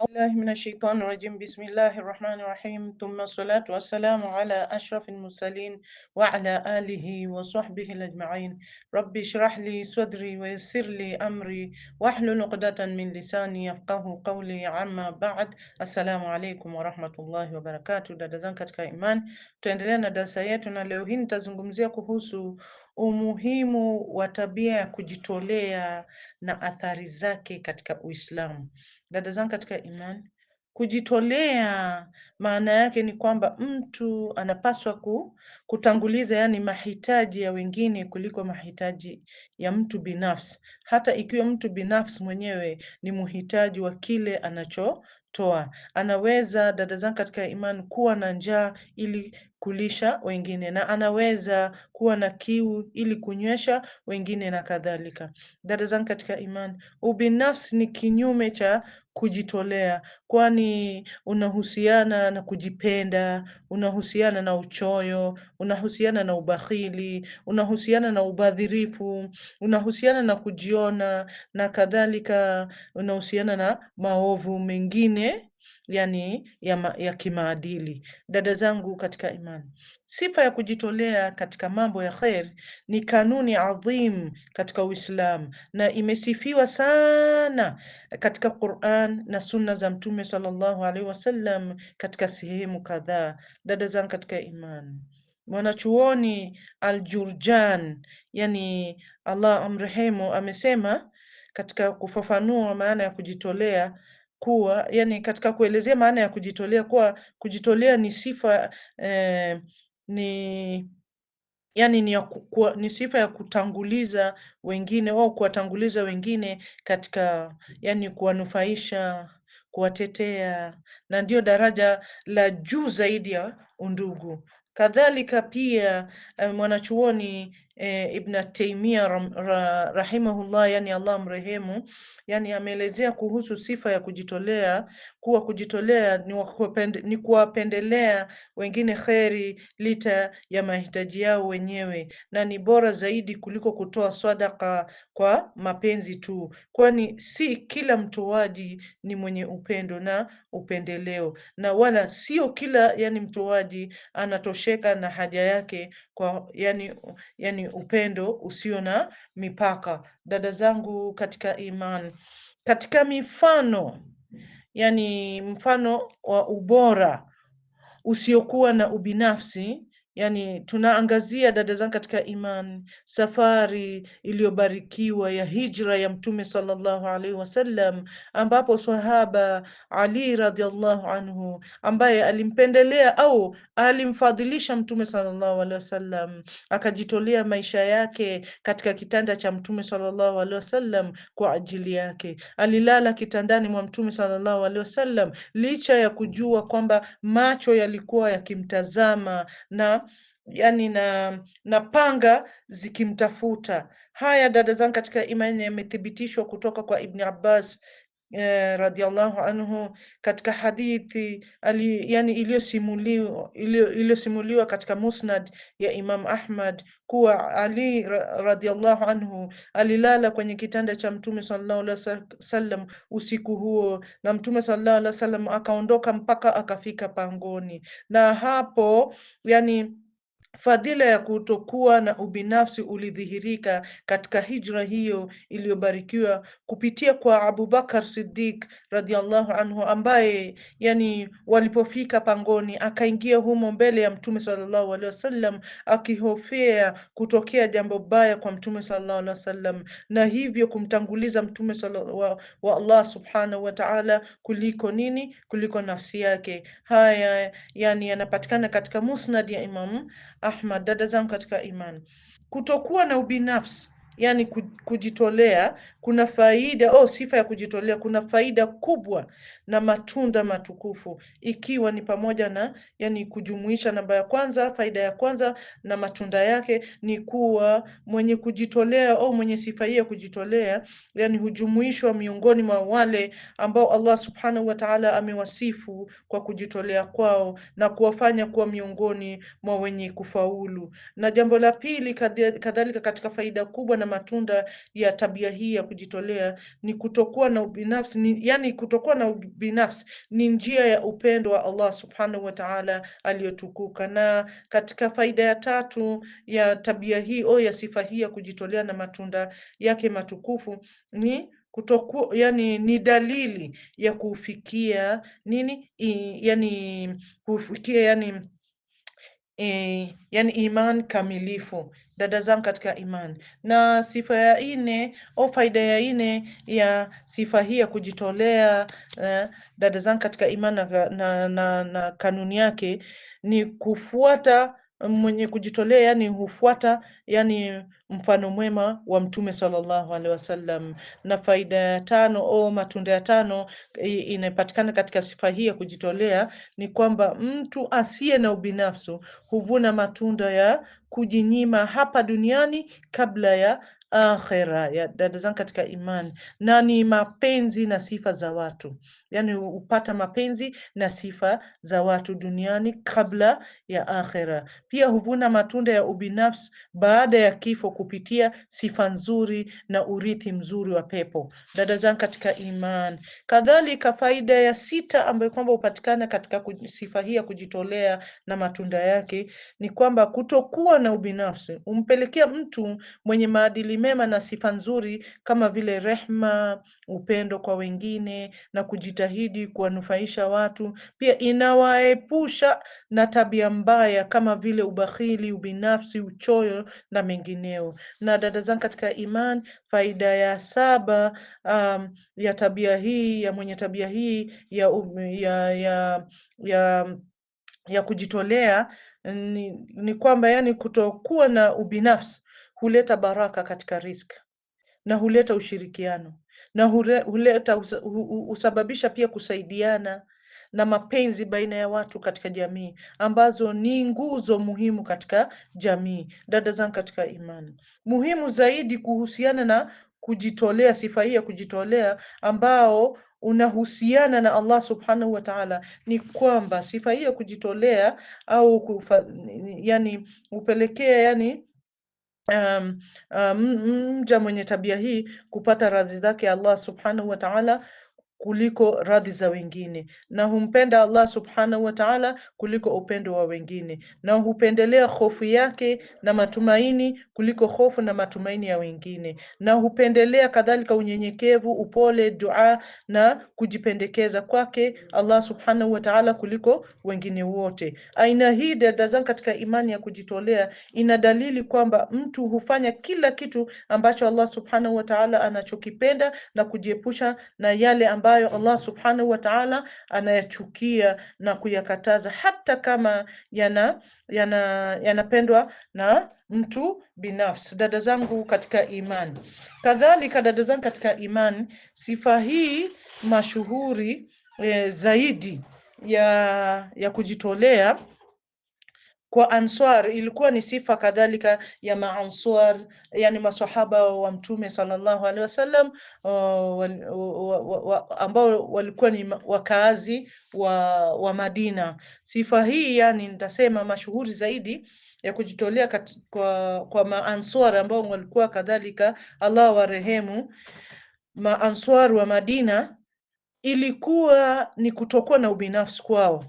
Auzubillahi minashaitanir rajim. Bismillahir Rahmanir Rahim. Thumma salatu wassalamu ala ashrafil mursalin wa ala alihi wa sahbihi ajma'in. Rabbi shrah li sadri wa yassir li amri wahlul 'uqdatan min lisani yafqahu qauli Amma ba'd. Assalamu alaykum wa rahmatullahi wa barakatuh. Dada zangu katika iman, tutaendelea na darasa yetu na leo hii nitazungumzia kuhusu umuhimu wa tabia ya kujitolea na athari zake katika Uislamu dada zangu katika imani, kujitolea maana yake ni kwamba mtu anapaswa ku, kutanguliza yani mahitaji ya wengine kuliko mahitaji ya mtu binafsi, hata ikiwa mtu binafsi mwenyewe ni mhitaji wa kile anachotoa. Anaweza dada zangu katika imani kuwa na njaa ili kulisha wengine na anaweza kuwa na kiu ili kunywesha wengine na kadhalika. Dada zangu katika imani, ubinafsi ni kinyume cha kujitolea, kwani unahusiana na kujipenda, unahusiana na uchoyo, unahusiana na ubakhili, unahusiana na ubadhirifu, unahusiana na kujiona na kadhalika, unahusiana na maovu mengine yani ya, ma, ya kimaadili. Dada zangu katika imani, sifa ya kujitolea katika mambo ya khair ni kanuni adhim katika Uislamu na imesifiwa sana katika Quran na sunna za Mtume sallallahu alaihi wasallam katika sehemu kadhaa. Dada zangu katika imani, mwanachuoni Al-Jurjan, yani Allah amrehemu, amesema katika kufafanua maana ya kujitolea kuwa yani, katika kuelezea maana ya kujitolea kuwa kujitolea ni sifa eh, ni yani ni, ya ku, ni sifa ya kutanguliza wengine au kuwatanguliza wengine katika yani kuwanufaisha, kuwatetea, na ndio daraja la juu zaidi ya undugu. Kadhalika pia eh, mwanachuoni eh, Ibn Taimia rahimahullah, yani Allah mrehemu, yani ameelezea kuhusu sifa ya kujitolea kuwa kujitolea ni kuwapendelea wengine kheri lita ya mahitaji yao wenyewe, na ni bora zaidi kuliko kutoa sadaka kwa mapenzi tu, kwani si kila mtoaji ni mwenye upendo na upendeleo, na wala sio kila yani mtoaji anatosheka na haja yake kwa yani, yani upendo usio na mipaka. Dada zangu katika imani, katika mifano yani mfano wa ubora usiokuwa na ubinafsi yani tunaangazia dada zangu katika imani, safari iliyobarikiwa ya hijra ya Mtume sallallahu alaihi wasallam, ambapo sahaba Ali radhiallahu anhu ambaye alimpendelea au alimfadhilisha Mtume sallallahu alaihi wasallam, akajitolea maisha yake katika kitanda cha Mtume sallallahu alaihi wasallam kwa ajili yake. Alilala kitandani mwa Mtume sallallahu alaihi wasallam licha ya kujua kwamba macho yalikuwa yakimtazama na yani na na panga zikimtafuta. Haya dada zangu katika imani, yamethibitishwa kutoka kwa Ibni Abbas eh, radhiallahu anhu katika hadithi ali, yani iliyosimuliwa iliyosimuliwa katika Musnad ya Imam Ahmad kuwa Ali radhiallahu anhu alilala kwenye kitanda cha Mtume sallallahu alaihi wasallam usiku huo, na Mtume sallallahu alaihi wasallam akaondoka mpaka akafika pangoni, na hapo yani Fadhila ya kutokuwa na ubinafsi ulidhihirika katika hijra hiyo iliyobarikiwa kupitia kwa Abubakar Siddiq radhiallahu anhu, ambaye yani, walipofika pangoni akaingia humo mbele ya Mtume sallallahu alaihi wasallam akihofea kutokea jambo baya kwa Mtume sallallahu alaihi wasallam, na hivyo kumtanguliza Mtume wa, wa Allah subhanahu wa ta'ala kuliko nini? Kuliko nafsi yake. Haya yani yanapatikana katika musnad ya Imam Ahmad, dada zangu katika imani, kutokuwa na ubinafsi yani kujitolea kuna faida oh, sifa ya kujitolea kuna faida kubwa na matunda matukufu, ikiwa ni pamoja na yani, kujumuisha namba ya kwanza, faida ya kwanza na matunda yake ni kuwa mwenye kujitolea au mwenye sifa hii ya kujitolea, yani hujumuishwa miongoni mwa wale ambao Allah subhanahu wa ta'ala amewasifu kwa kujitolea kwao na kuwafanya kuwa miongoni mwa wenye kufaulu. Na jambo la pili, kadhalika katika faida kubwa na matunda ya tabia hii ya kujitolea ni kutokuwa na ubinafsi ni, yani kutokuwa na binafsi ni njia ya upendo wa Allah subhanahu wa ta'ala aliyotukuka. Na katika faida ya tatu ya tabia hii au ya sifa hii ya kujitolea na matunda yake matukufu ni kutoku, yani ni dalili ya kufikia nini, yani kufikia yani eh, yani iman kamilifu, dada zangu katika iman. Na sifa ya ine au faida ya ine ya sifa hii ya kujitolea eh, dada zangu katika iman na, na, na, na kanuni yake ni kufuata mwenye kujitolea yani hufuata yani mfano mwema wa Mtume sallallahu alaihi wasallam. Na faida ya tano au matunda ya tano inayopatikana katika sifa hii ya kujitolea ni kwamba mtu asiye na ubinafsi huvuna matunda ya kujinyima hapa duniani kabla ya akhera. Ya dada zangu katika imani, na ni mapenzi na sifa za watu yani hupata mapenzi na sifa za watu duniani kabla ya akhera. Pia huvuna matunda ya ubinafsi baada ya kifo kupitia sifa nzuri na urithi mzuri wa pepo. Dada zangu katika iman, kadhalika faida ya sita ambayo kwamba hupatikana katika sifa hii ya kujitolea na matunda yake ni kwamba kutokuwa na ubinafsi umpelekea mtu mwenye maadili mema na sifa nzuri kama vile rehma, upendo kwa wengine na kujitolea kujitahidi kuwanufaisha watu, pia inawaepusha na tabia mbaya kama vile ubakhili, ubinafsi, uchoyo na mengineo. Na dada zangu katika imani, faida ya saba um, ya tabia hii ya mwenye tabia hii ya um, ya ya, ya, ya kujitolea ni, ni kwamba yani kutokuwa na ubinafsi huleta baraka katika riziki na huleta ushirikiano na huleta husababisha pia kusaidiana na mapenzi baina ya watu katika jamii ambazo ni nguzo muhimu katika jamii. Dada zangu katika imani, muhimu zaidi kuhusiana na kujitolea, sifa hii ya kujitolea ambao unahusiana na Allah subhanahu wa ta'ala, ni kwamba sifa hii ya kujitolea au kufa, yani hupelekea yani um, um, mja mwenye tabia hii kupata radhi zake Allah subhanahu wa ta'ala kuliko radhi za wengine na humpenda Allah subhanahu wa ta'ala kuliko upendo wa wengine na hupendelea hofu yake na matumaini kuliko hofu na matumaini ya wengine na hupendelea kadhalika unyenyekevu, upole, dua na kujipendekeza kwake Allah subhanahu wa ta'ala kuliko wengine wote. Aina hii dada zangu, katika imani ya kujitolea ina dalili kwamba mtu hufanya kila kitu ambacho Allah subhanahu wa ta'ala anachokipenda na kujiepusha na yale ambayo ambayo Allah subhanahu wa ta'ala anayachukia na kuyakataza hata kama yana yanapendwa yana na mtu binafsi. Dada zangu katika imani, kadhalika dada zangu katika imani, sifa hii mashuhuri e, zaidi ya ya kujitolea kwa Answar ilikuwa ni sifa kadhalika ya maanswar, yani masahaba wa Mtume sallallahu alaihi wasallam uh, ambao walikuwa ni wakaazi wa, wa Madina. Sifa hii yani nitasema mashuhuri zaidi ya kujitolea kat, kwa, kwa maanswar ambao walikuwa kadhalika, Allah warehemu maanswar wa Madina, ilikuwa ni kutokuwa na ubinafsi kwao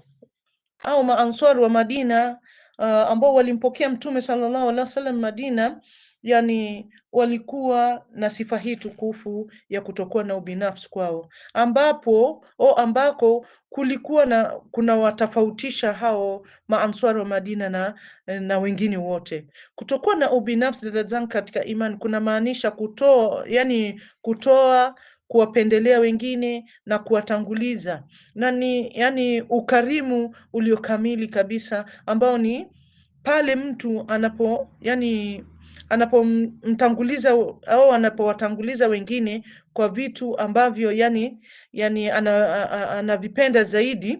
au maanswar wa Madina uh, ambao walimpokea Mtume sallallahu alaihi wasallam Madina, yani walikuwa na sifa hii tukufu ya kutokuwa na ubinafsi kwao, ambapo o ambako kulikuwa na kuna watafautisha hao maanswari wa Madina na, na wengine wote. Kutokuwa na ubinafsi, dada zangu katika imani, kuna maanisha kutoa, yani kutoa kuwapendelea wengine na kuwatanguliza, na ni yani ukarimu uliokamili kabisa ambao ni pale mtu anapo yani anapomtanguliza au anapowatanguliza wengine kwa vitu ambavyo yani yani anavipenda ana zaidi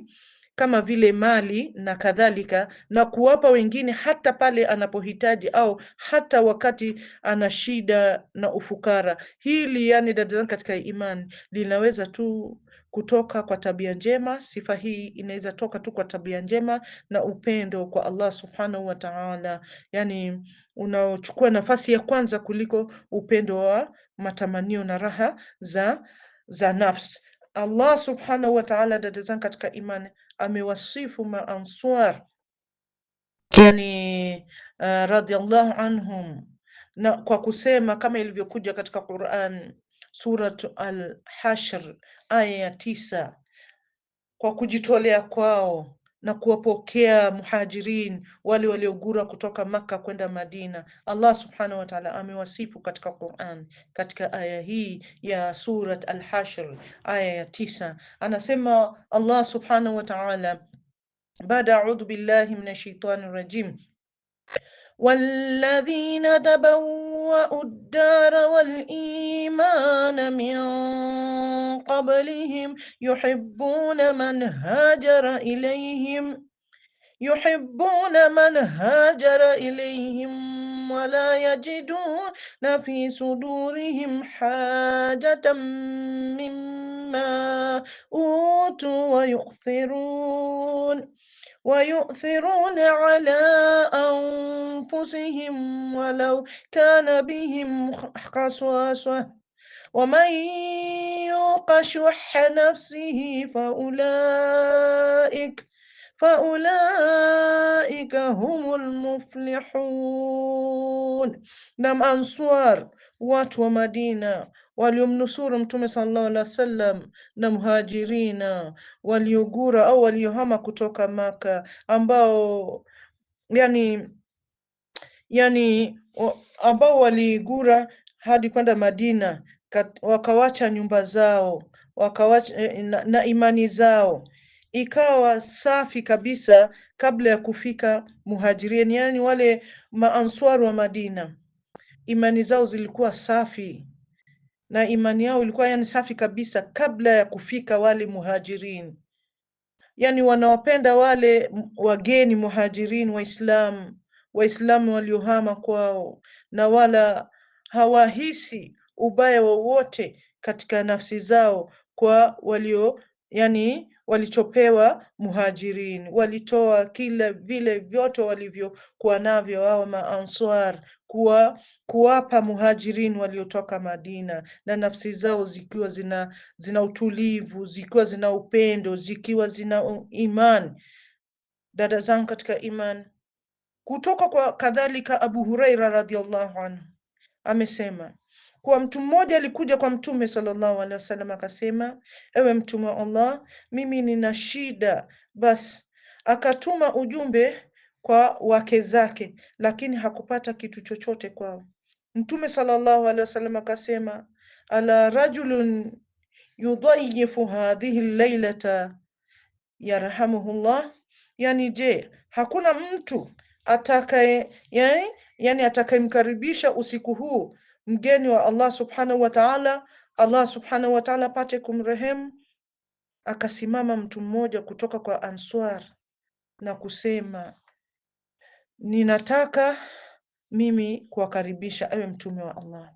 kama vile mali na kadhalika, na kuwapa wengine hata pale anapohitaji au hata wakati ana shida na ufukara. Hili yani, dada zangu katika imani, linaweza tu kutoka kwa tabia njema. Sifa hii inaweza toka tu kwa tabia njema na upendo kwa Allah subhanahu wa ta'ala, yani unaochukua nafasi ya kwanza kuliko upendo wa matamanio na raha za za nafsi. Allah subhanahu wa ta'ala, dada zangu katika imani amewasifu maanswar yani uh, eh, radhiallahu anhum na kwa kusema kama ilivyokuja katika Quran Surat Al-Hashr aya ya tisa, kwa kujitolea kwao na kuwapokea muhajirin wale waliogura kutoka Makka kwenda Madina. Allah subhanahu wa ta'ala amewasifu katika Quran katika aya hii ya Surat Al-Hashr aya ya tisa, anasema Allah subhanahu wa ta'ala baada a'udhu billahi minash shaitani rajim walladhina tabaw بوأوا الدار والإيمان من قبلهم يحبون من هاجر إليهم يحبون من هاجر إليهم ولا يجدون في صدورهم حاجة مما أوتوا ويؤثرون ويؤثرون على أنفسهم ولو كان بهم خصاصة ومن يوق شح نفسه فأولئك فأولئك هم المفلحون نم أنصار وات ومدينة waliomnusuru Mtume sallallahu alaihi wasallam na Muhajirina, waliogura au waliohama kutoka Maka, ambao yani yani ambao waligura hadi kwenda Madina, wakawacha nyumba zao wakawacha eh, na, na imani zao ikawa safi kabisa kabla ya kufika muhajirini yani wale maanswaru wa Madina, imani zao zilikuwa safi na imani yao ilikuwa yani safi kabisa kabla ya kufika wale muhajirin, yani wanawapenda wale wageni muhajirin Waislam, Waislamu waliohama kwao, na wala hawahisi ubaya wowote katika nafsi zao kwa walio yani walichopewa muhajirin, walitoa kila vile vyote walivyokuwa navyo hao maanswar kuwa, kuwapa muhajirin waliotoka Madina na nafsi zao zikiwa zina, zina utulivu zikiwa zina upendo zikiwa zina iman Dada zangu katika iman kutoka kwa kadhalika Abu Huraira radhiallahu anhu amesema kuwa mtu mmoja alikuja kwa Mtume sallallahu alaihi wasallam akasema, ewe Mtume wa Allah, mimi nina shida. Basi akatuma ujumbe kwa wake zake, lakini hakupata kitu chochote kwao. Mtume sallallahu alaihi wasallam akasema, ala rajulun yudayifu hadhihi lailata yarhamuhullah, yani je, hakuna mtu atakaye yani, yani atakayemkaribisha usiku huu mgeni wa Allah subhanahu wa ta'ala, Allah subhanahu wa ta'ala apate kumrehemu. Akasimama mtu mmoja kutoka kwa Answar na kusema ninataka mimi kuwakaribisha awe mtume wa Allah.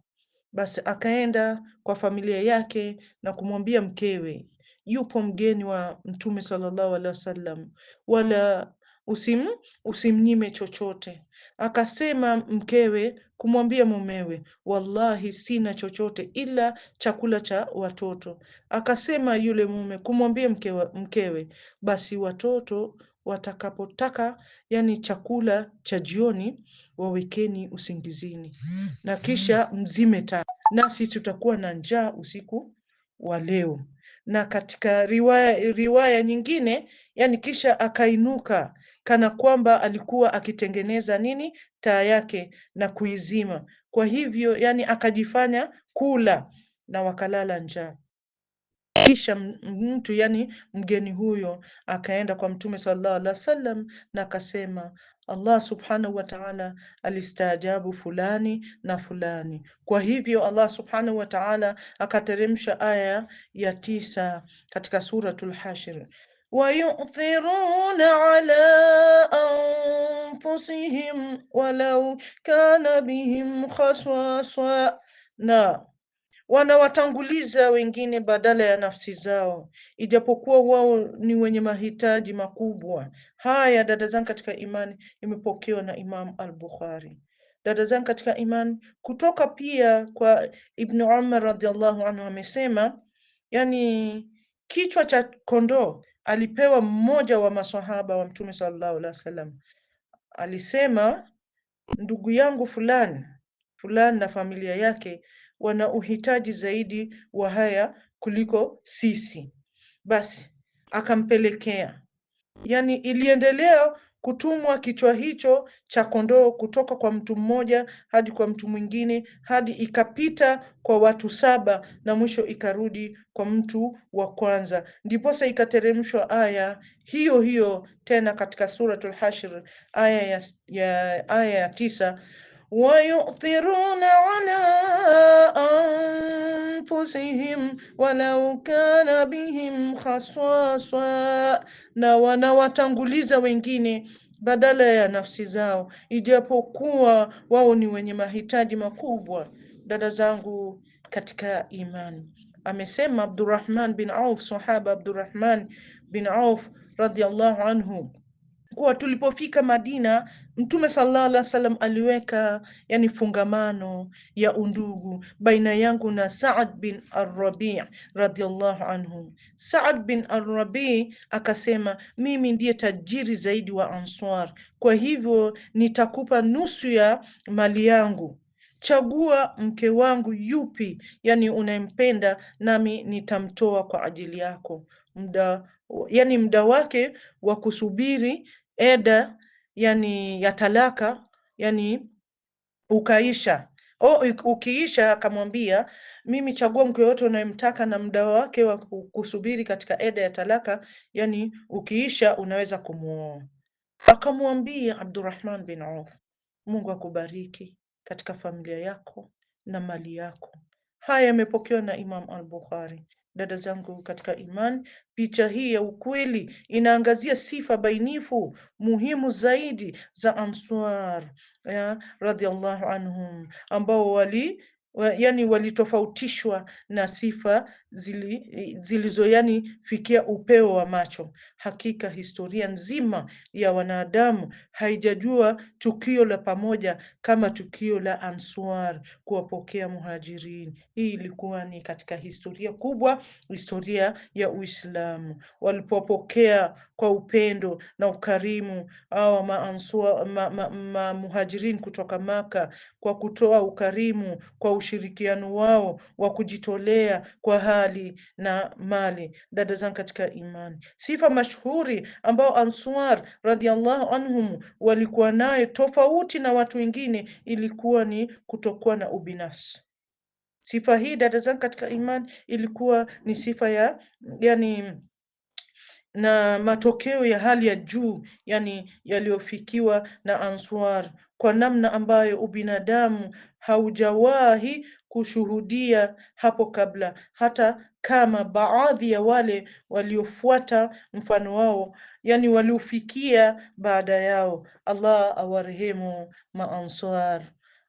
Basi akaenda kwa familia yake na kumwambia mkewe, yupo mgeni wa Mtume sallallahu alaihi wasallam, wala usim usimnyime chochote. Akasema mkewe kumwambia mumewe, wallahi sina chochote ila chakula cha watoto. Akasema yule mume kumwambia mkewe, basi watoto watakapotaka, yani chakula cha jioni wawekeni usingizini, na kisha mzime taa, nasi tutakuwa na njaa usiku wa leo. Na katika riwaya, riwaya nyingine yani, kisha akainuka kana kwamba alikuwa akitengeneza nini taa yake na kuizima. Kwa hivyo yani akajifanya kula na wakalala njaa. Kisha mtu yani mgeni huyo akaenda kwa Mtume sallallahu alaihi wasallam na akasema, Allah subhanahu wa ta'ala alistaajabu fulani na fulani. Kwa hivyo Allah subhanahu wa ta'ala akateremsha aya ya tisa katika Suratul Hashr, wayuthiruna ala anfusihim walau kana bihim khaswasa na wanawatanguliza wengine badala ya nafsi zao, ijapokuwa wao ni wenye mahitaji makubwa. Haya, dada zangu katika imani, imepokewa na Imam al-Bukhari. Dada zangu katika imani, kutoka pia kwa Ibn Umar radhiallahu anhu amesema, yani kichwa cha kondoo alipewa mmoja wa maswahaba wa Mtume sallallahu alaihi wasallam. Alisema, ndugu yangu fulani fulani na familia yake wana uhitaji zaidi wa haya kuliko sisi. Basi akampelekea. Yaani iliendelea kutumwa kichwa hicho cha kondoo kutoka kwa mtu mmoja hadi kwa mtu mwingine hadi ikapita kwa watu saba na mwisho ikarudi kwa mtu wa kwanza. Ndiposa ikateremshwa aya hiyo hiyo tena katika Suratul Hashr aya ya, ya, aya ya tisa ويؤثرون على أنفسهم walau kana bihim khaswaswa, na wanawatanguliza wengine badala ya nafsi zao, ijapokuwa wao ni wenye mahitaji makubwa. Dada zangu katika imani, amesema Abdurrahman bin Auf, sahaba Abdurrahman bin Auf radhiallahu anhu kuwa tulipofika Madina, Mtume sallallahu alaihi wasallam aliweka yani fungamano ya undugu baina yangu na Saad bin Ar-Rabi radhiallahu anhu. Saad bin Ar-Rabi akasema, mimi ndiye tajiri zaidi wa Answar, kwa hivyo nitakupa nusu ya mali yangu Chagua mke wangu yupi, yani unayempenda, nami nitamtoa kwa ajili yako. Muda yani muda wake wa kusubiri eda yani ya talaka yani ukaisha o, ukiisha akamwambia mimi chagua mke yoyote unayemtaka na muda wake wa kusubiri katika eda ya talaka yani ukiisha unaweza kumuoa. Akamwambia Abdurrahman bin Auf, Mungu akubariki katika familia yako na mali yako. Haya yamepokewa na Imam al-Bukhari Dada zangu katika imani, picha hii ya ukweli inaangazia sifa bainifu muhimu zaidi za Answar radhiallahu anhum ambao wali yani walitofautishwa na sifa zili, zilizo yani fikia upeo wa macho. Hakika historia nzima ya wanadamu haijajua tukio la pamoja kama tukio la Answar kuwapokea Muhajirin. Hii ilikuwa ni katika historia kubwa, historia ya Uislamu, walipopokea kwa upendo na ukarimu awa ma, ma, ma, ma, Muhajirin kutoka Maka kwa kutoa ukarimu, kwa ushirikiano wao wa kujitolea kwa hali mali na mali. Dada zangu katika imani, sifa mashuhuri ambao Answar radhiallahu anhum walikuwa naye tofauti na watu wengine ilikuwa ni kutokuwa na ubinafsi. Sifa hii dada zangu katika imani ilikuwa ni sifa ya yani na matokeo ya hali ya juu yani yaliyofikiwa na Answar kwa namna ambayo ubinadamu haujawahi kushuhudia hapo kabla, hata kama baadhi ya wale waliofuata mfano wao, yani waliofikia baada yao. Allah awarehemu maansar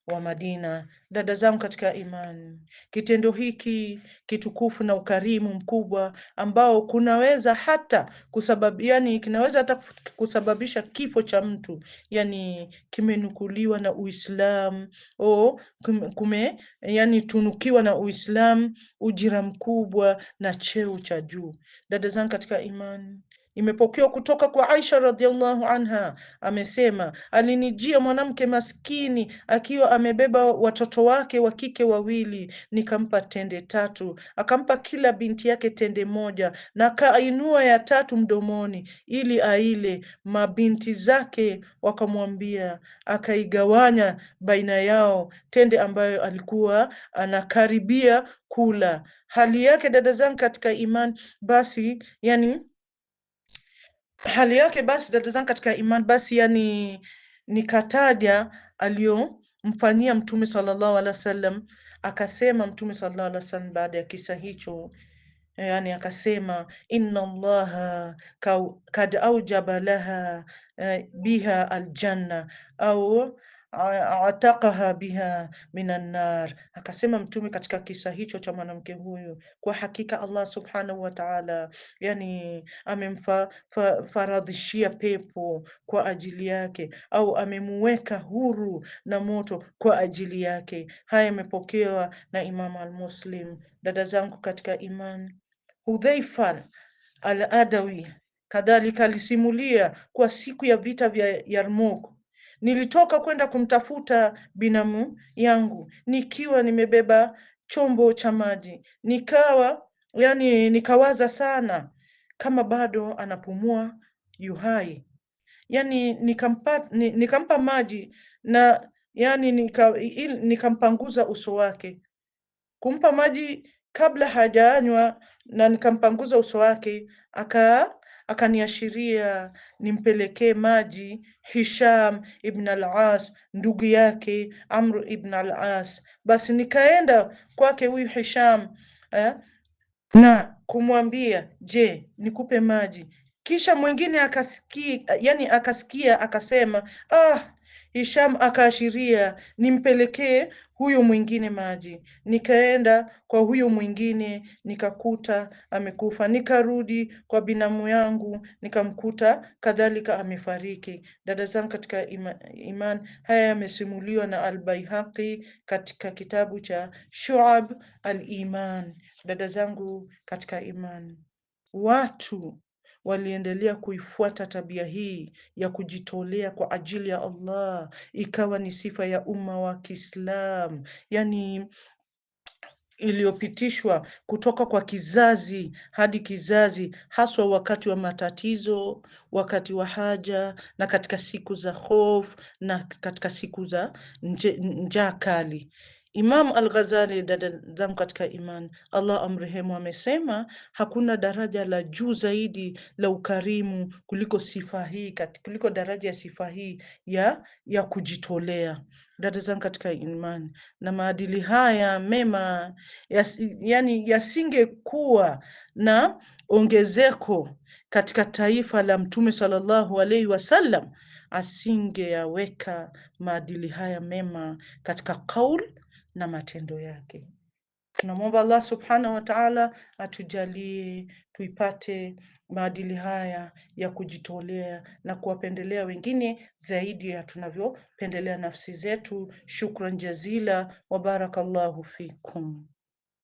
wa Madina. Dada zangu katika imani, kitendo hiki kitukufu na ukarimu mkubwa ambao kunaweza hata kusabab, yani kinaweza hata kusababisha kifo cha mtu, yani kimenukuliwa na Uislamu o kume, yani tunukiwa na Uislamu ujira mkubwa na cheo cha juu. Dada zangu katika imani, Imepokewa kutoka kwa Aisha radhiallahu anha, amesema alinijia mwanamke maskini akiwa amebeba watoto wake wa kike wawili, nikampa tende tatu, akampa kila binti yake tende moja, na akainua ya tatu mdomoni ili aile. Mabinti zake wakamwambia, akaigawanya baina yao tende ambayo alikuwa anakaribia kula. Hali yake dada zangu katika iman basi yani hali yake basi, dada zangu katika iman basi yani nikataja aliyomfanyia Mtume sallallahu alaihi wasallam. Akasema Mtume sallallahu alaihi wasallam baada ya kisa hicho, yani akasema inna allaha kad aujaba laha eh, biha aljanna au atakaha biha min nar, akasema Mtume katika kisa hicho cha mwanamke huyu, kwa hakika Allah subhanahu wa ta'ala, yani amemfaradhishia pepo kwa ajili yake, au amemuweka huru na moto kwa ajili yake. Haya yamepokewa na Imam al-Muslim. Dada zangu katika imani, Hudhaifa al-Adawi kadhalika alisimulia kwa siku ya vita vya Yarmouk Nilitoka kwenda kumtafuta binamu yangu nikiwa nimebeba chombo cha maji, nikawa yani, nikawaza sana kama bado anapumua yuhai, yani nikampa, nikampa maji na yani nika, il, nikampanguza uso wake, kumpa maji kabla hajaanywa na nikampanguza uso wake aka akaniashiria nimpelekee maji Hisham ibn al-As, ndugu yake Amr ibn al-As. Basi nikaenda kwake huyu Hisham eh, na kumwambia je, nikupe maji? Kisha mwingine akasikia, yani akasikia akasema ah Hisham akaashiria nimpelekee huyo mwingine maji. Nikaenda kwa huyo mwingine nikakuta amekufa. Nikarudi kwa binamu yangu nikamkuta kadhalika amefariki. Dada zangu katika ima, iman, haya yamesimuliwa na Albaihaqi katika kitabu cha Shuab Aliman. Dada zangu katika iman, watu waliendelea kuifuata tabia hii ya kujitolea kwa ajili ya Allah, ikawa ni sifa ya umma wa Kiislam yani iliyopitishwa kutoka kwa kizazi hadi kizazi, haswa wakati wa matatizo, wakati wa haja, na katika siku za hofu na katika siku za njaa kali. Imam Al-Ghazali, dada zangu katika imani, Allah amrehemu, amesema hakuna daraja la juu zaidi la ukarimu kuliko sifa hii, kuliko daraja ya sifa hii ya ya kujitolea. Dada zangu katika imani, na maadili haya mema yas, yani yasingekuwa na ongezeko katika taifa la Mtume sallallahu alaihi wasallam, asingeyaweka maadili haya mema katika kauli na matendo yake. Tunamwomba Allah subhanahu wa ta'ala atujalie tuipate maadili haya ya kujitolea na kuwapendelea wengine zaidi ya tunavyopendelea nafsi zetu. Shukran jazila wa barakallahu fikum.